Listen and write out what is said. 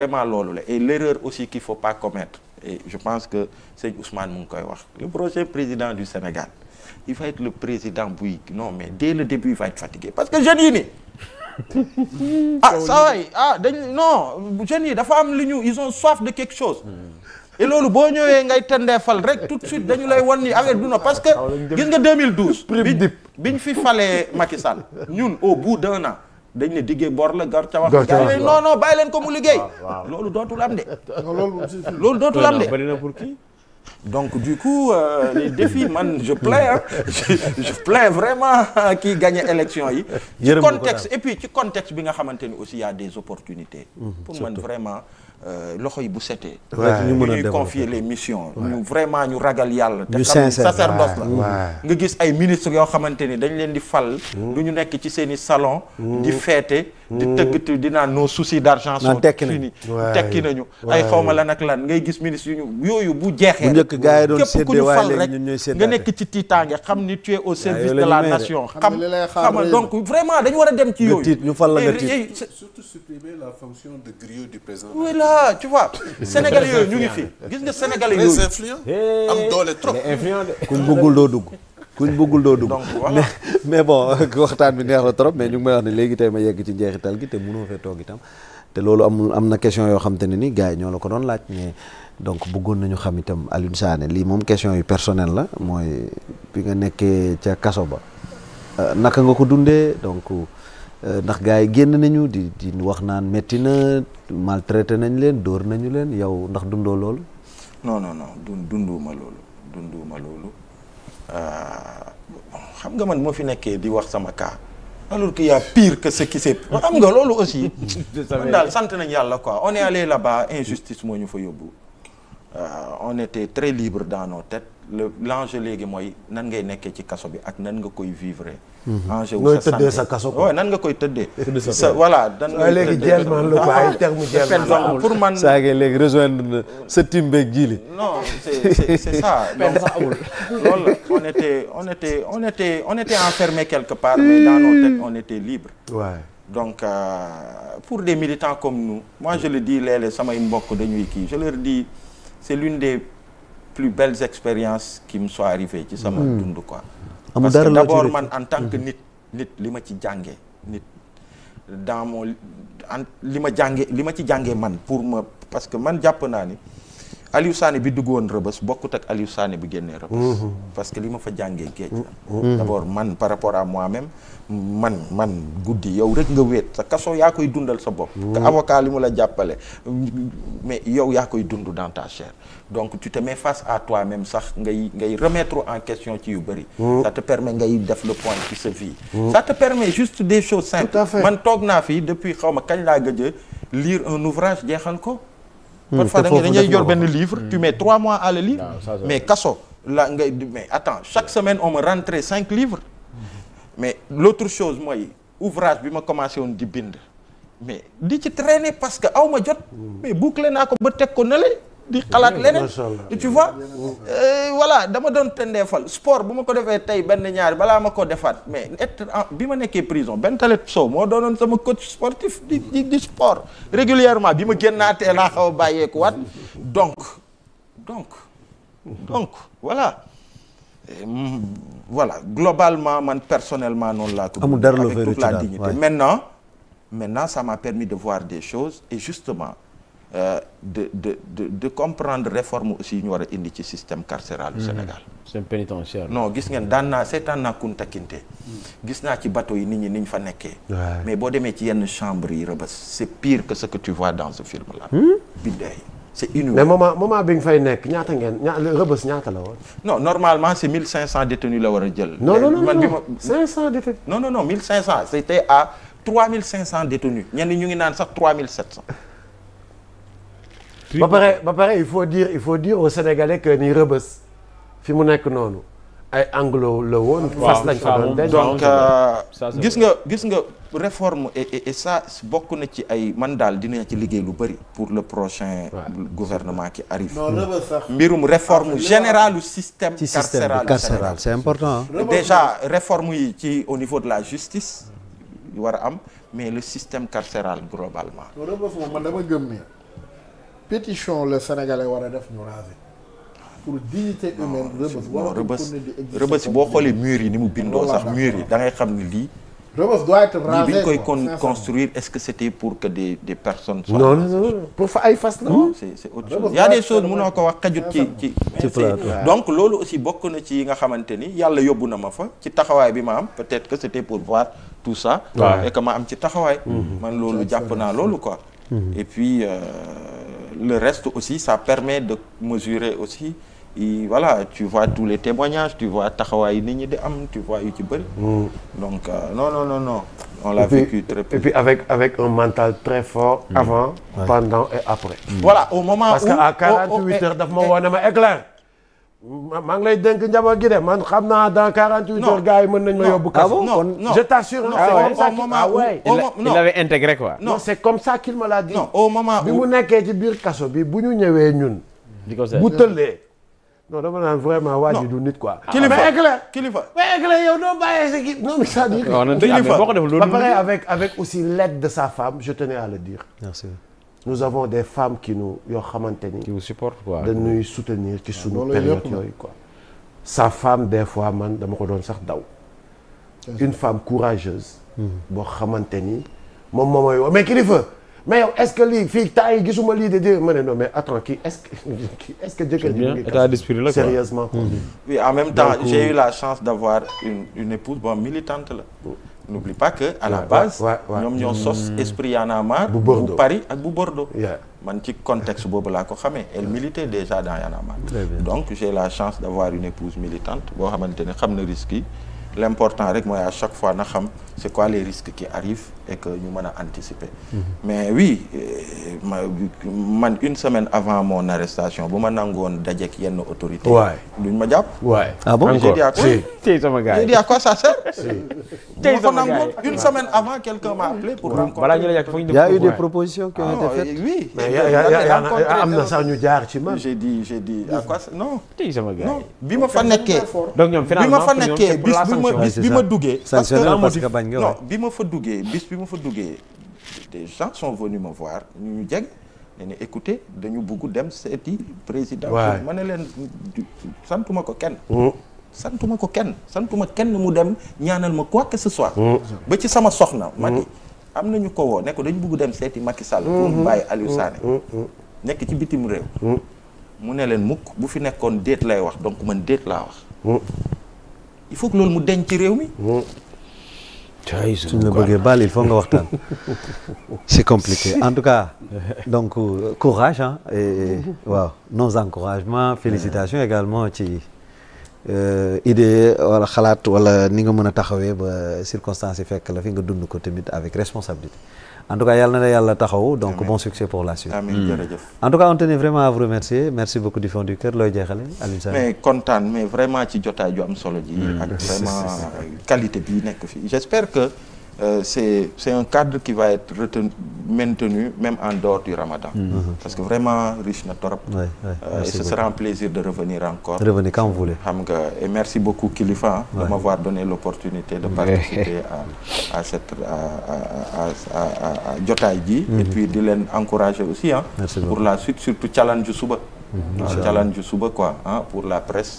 vraiment loolu la et l'erreur aussi qu'il faut pas commettre et je pense que sëñ Ousmane mu ngi koy wax le prochain président du Sénégal il va être le président buy non mais dès le début il va être fatigué parce que jeunes yi nii ah ça waay ah dañ non jeunes yi dafa am li ñu ils ont soif de quelque chose et loolu boo ñëwee ngay tendeefal rek tout de suite dañu lay wan ni affaire duna parce que ah, gis nga 2012 bi biñ fi falee Macky Sall ñun au bout d'un an dañ ne diggee bor la gar ca wax non non bàyyi leen ko mu liggéey loolu dootul am de loolu dootul am pour kii donc du coup euh, les défis man je plains hein je, je vraiment kii euh, gagné élection yi ci contexte et puis ci contexte bi nga xamante ni aussi y des opportunités mmh, pour man vraiment Euh, loxo yi bu setee. ñu mën a ñuy confier les missions. ñu vraiment ñu ragal yàlla. te xam sacerdoce la. nga gis ay ministres yoo xamante ni dañ leen di fal. lu mm. ñu nekk ci seen i salon. Mm. di feete di mm. tëggatu di naan nos soucis d'argent sont finis tekki nañu ay xawma lan ak lan ngay gis ministre yu ñu yooyu bu jeexee. bu njëkk gars yi doon séddee waaye léegi ñun ñooy séddaate képp ku ñu fal rek nga nekk ci tiitaange xam ni tu es au service de la nation. xam xam donc vraiment dañu war a dem ci yooyu. ñu fal la nga eh, tiit eh, surtout supprimer la voilà ah, tu vois sénégalais yooyu ñu ngi fi gis nga sénégalais yooyu. am eh, doole trop. kuñ bëggul doo dugg. kuñ bëggul doo dugg. mais bon bon waxtaan bi neex la trop mais ñu ngi may wax ne léegi tey ma yegg ci njeexital gi te mënoo fee toog itam. te loolu amul am na question yoo xam te ne ni gars yi ñoo la ko doon laaj mais donc bëggoon nañu xam itam Alioune lii moom question yu personnel la mooy bi nga nekkee ca kaso ba euh, naka nga ko dundee donc. Euh, ndax gars yi génn nañu di di wax naan métti na maltraité nañ leen dóor nañu leen yow ndax dundoo loolu. non non non dun dunduuma loolu dunduuma loolu euh, xam nga man moo fi nekkee di wax sama cas alors qu'il y a pire que ce qui s'est xam nga loolu aussi man daal sant nañ yàlla quoi on est allé là-bas injustice moo ñu fa yóbbu euh, on était très libre dans nos le l'enjeu léegi mooy nan ngay nekkee ci kaso bi ak nan nga koy vivre. Mhm. enjeu wu sa santé nooy tëddee sa kaso ko. nan nga koy tëddee. sa voilà nan nga léegi jël man la quoi ay termes jël man man léegi rejoindre na sa team beeg jiili. non c'est c'est ça. donc loolu on était on était on était on était enfermé quelque part mais dans nos on était libre. waay donc euh, pour des militants comme nous moi je le dis léeg samay mbokk dañuy kii je leur dis c'est l'une des. plus belles expériences qui me sont arrivées ci sama hmm. dund quoi parce que d'abord man en tant que hmm. nit nit li ma ci jànge nit dans mon en li ma jànge li ma ci jànge man pour ma parce que man jàpp naa ni Aliou Sané bi dugg woon rëbës bokkut ak Aliou saani bi génnee rëbës. Mhm. parce que li ma fa jàngee géej la. Mhm. Mhm. d'abord man par rapport a moi-même man man guddi yow rek nga wéet sa kaso yaa koy dundal sa bopp. te avocat li mu la jàppale mais yow yaa koy dund dans chair donc tu te mets face à toi-même sax ngay ngay remettre en question ci yu bëri. ça te permet ngay def le point ci sa vie. ça te permet juste des choses simples. man toog naa fi depuis xaw ma kañ laa gëj lire un ouvrage jeexal ko. Hmm. parfois da ngay yor benn livre tu hmm. mets trois mois à le lire mais kaso la ngay mais attends chaque semaine on me rentrait cinq livres hmm. mais l'autre chose mooy ouvrage bi ma commencé woon di bind mais di ci traîner parce que aw ma jot mais bouclé naa ko ba teg ko nale di xalaat leneen tu vois euh, voilà dama doon tendeefal sport bu ma ko defee tey benn ñaari balaa ma ko defaat mais être bi ma nekkee prison benn talet sow moo doonoon sama coach sportif di di sport régulièrement bi ma génnaatee laa xaw bàyyeeku bàyyeekuwaat donc donc donc walla mm, voilà globalement man personnellement noonu laa ko amul dara avec toute la dignité maintenant maintenant ça m'a permis de voir des choses et justement Euh, de de de de comprendre réforme aussi ñu war a indi ci système carcéral du hmm. Sénégal. système pénitentiaire non gis ngeen daan naa seetaan naa Kunta Kinte. Hmm. gis naa ci bateau yi nit ñi ni ñu fa nekkee. mais boo demee ci yenn chambre yi Rebeuss c'est pire que ce que tu vois dans ce film là. Hmm? biddeey c'est inhumain. mais moment moment bi nga fay nekk ñaata ngeen ña Rebeuss ñaata la woon. non normalement c'est 1500 la war a jël. non non non man bi ma 500 détenus. non non non 1500 c'était à 3500 détenus ñenn ñu ngi naan sax ba pare ba pare il faut diir il faut dire aux Sénégalais que ni rëbës fi mu nekk noonu ay anglo la woon. fas lañ fa doon denc euh, gis nga gis nga réforme et bokk na ci ay man daal dina ci liggéey lu bëri. pour le prochain gouvernement qui arrive. mbirum réforme générale du système. carcéral carcéral c'est important. déjà réforme yi ci au niveau de la justice. war a am mais le système carcéral globalement. pétition la sénégalais war a def ñu raser pour dignité rëbës boo xoolee mur yi ni mu bindoo sax mur yi da ngay xam ne lii rëbës doit être rasé bi ñu koy kon construire est-ce que c'était pour que des des personnes soient non non pour fa ay fas la non c'est mënoo ko wax xajut ci ci donc loolu aussi bokk na ci yi nga xamante ni yàlla yóbbu na ma fa ci taxawaay bi ma am peut-être que c'était pour voir tout ça et que ma am ci taxawaay mm-hmm. man loolu jàpp naa loolu quoi mm-hmm. et puis euh, le reste aussi ça permet de mesurer aussi et voilà tu vois tous les témoignages tu vois taxawaayu nit ñi di am tu vois yu ci bëri. Hmm. donc euh, non non non non. on l'a vécu très peu. et puis avec avec un mental très fort. Mmh. avant ouais. pendant et après. Mmh. voilà au moment Parce où parce que à 48 heures daf ma woo ne ma éclaire. maa ngi lay dénk njaboot gi de man xam naa dans 48 heures gars yi mën nañ ma yóbbu. ah bon non non je t'assure. non ah il avait c'est comme ça qu'il me l'a dit. non au bi mu nekkee ci biir kaso bi bu ñu ñëwee ñun. di ko bu tëllee. non dama naan vraiment waa ji du nit quoi. Ah, kilifa mais éclair kilifa. mais éclair yow doo bàyyee sa kii. non mais c'est-à-dire. Ah, boo ko def loolu ba pare avec avec aussi l'aide de sa femme je tenais à le dire. nous avons des femmes ki nous yoo xamante ni. qui nous supportent quoi dañuy soutenir ci sunu période yooyu quoi. sa femme des fois man dama ko doon sax daw. une femme courageuse. Mm-hmm. boo xamante ni moom moom mooy mais kilifa mais yow est-ce que lii fii temps yi gisuma lii de jë ma ne non mais attends kii est-ce que est-ce que jëkkër ji ngi état sérieusement quoi. Mm-hmm. oui en même temps j'ai eu la chance d'avoir une une épouse bon militante la. n'oublie pas que à la base ñoom ñoo mm. sos esprit Y'en a bu Paris ak bu Bordeaux man ci contexte boobu laa ko xamee elle militait déjà dans Y'en a marre donc j'ai la chance d'avoir une épouse militante boo xamante ne xam na risque yi l' important rek mooy à chaque fois na xam c' est quoi les risques qui arrivent et que ñu a anticiper. Mm -hmm. mais man une semaine avant mon arrestation bu ma nangoon dajeek yenn autorité duñ ma jàpp. waay ah bon encore si tey sama gars yi j'ai dit à quoi ça sert. tey sama gars yi une semaine avant quelqu'un m'a appelé pour. balaa ñu la yàgg foog ñu a ah, am na sax ñu jaar ci man. j'ai dit j'ai dit à non. tey sama gars non bi ma fa nekkee. donc ñoom finalement bi ma fa nekkee ma bis bi ma duggee. parce que bañ nga bi ma fa duggee bis bi ma fa duggee des gens sont venus me voir ñu ñu jeg ne ne écoutez dañu bugg dem seeti président. waay ma ne leen santuma ko kenn. Mm. santuma ko kenn santuma kenn mu dem ñaanal ma quoi que ce soit. Mm. ba ci sama soxna. Macky mm. am na ñu ko woo ne dañu bugg dem seeti Macky Sall. pour mu mm-hmm. bàyyi Aliou Sané. Mm-hmm. Mm-hmm. nekk ci bitim réew. mu ne leen mukk bu fi nekkoon déet lay wax donc man déet laa wax. il faut que loolu mu deñ ci réew mi. Hmm. suñ la bëggee baal il faut nga waxtaan c'est compliqué en tout cas donc euh, courage ah waaw nos encouragements félicitations également ci euh, idée wala xalaat wala ni nga mën a taxawee ba circonstances i fekk la fi nga dund ko tamit avec responsabilité en tout cas yal na la yàlla taxaw donc Amen. bon succès pour la suite. Hmm. en tout cas on tenait vraiment à vous remercier merci beaucoup du fond du cœur looy jeexale Alioune mais kontaan mais vraiment ci jotaay ju am solo ji. Hmm. ak vraiment qualité bi nekk fi j'espère que. euh, c'est c'est un cadre qui va être maintenu même en dehors du Ramadan. Mm-hmm. parce que vraiment riche na torop. oui oui euh, et ce beaucoup. sera un plaisir de revenir encore. revenez quand voulez. xam nga et merci beaucoup Kilifan. Ouais. de m'avoir donné l'opportunité de participer à à cette à à jotaay ji. et mm-hmm. di leen encourager aussi ah. pour la suite surtout challenge suba. Mm-hmm. incha allah challenge suba quoi ah pour la presse.